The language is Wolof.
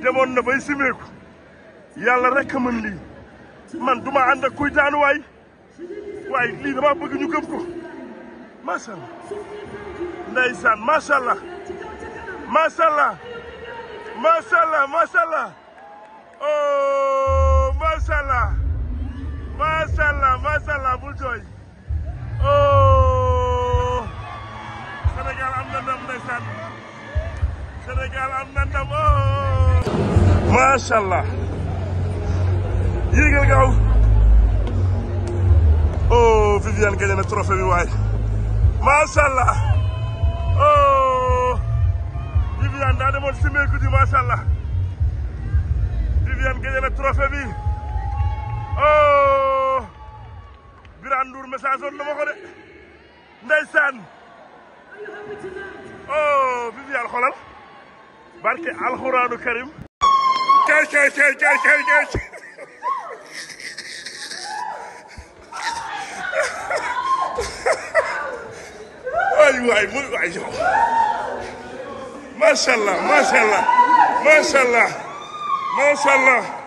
demoon na bay simeeku yàlla rek a mën lii man du ma ànd ak kuy daanu lii dama bëgg ñu gëm ko macha allah ndeysaan macha allah macha allah macha allah bul jooy oh Sénégal am na ndam ndeysaan Sénégal am na ndam oh. macha allah yéegal gaaw oh Viviane gagné na trophée bi waay macha allah oh Viviane daa demoon simeeku di macha allah trophée bi oh Birane Ndour message woon na ma ko de ndeysaan oh Viviane xolal barke alxuraanu karim Gel gel gel gel gel gel. waay waay mu waay yow. macha allah macha allah macha allah macha allah.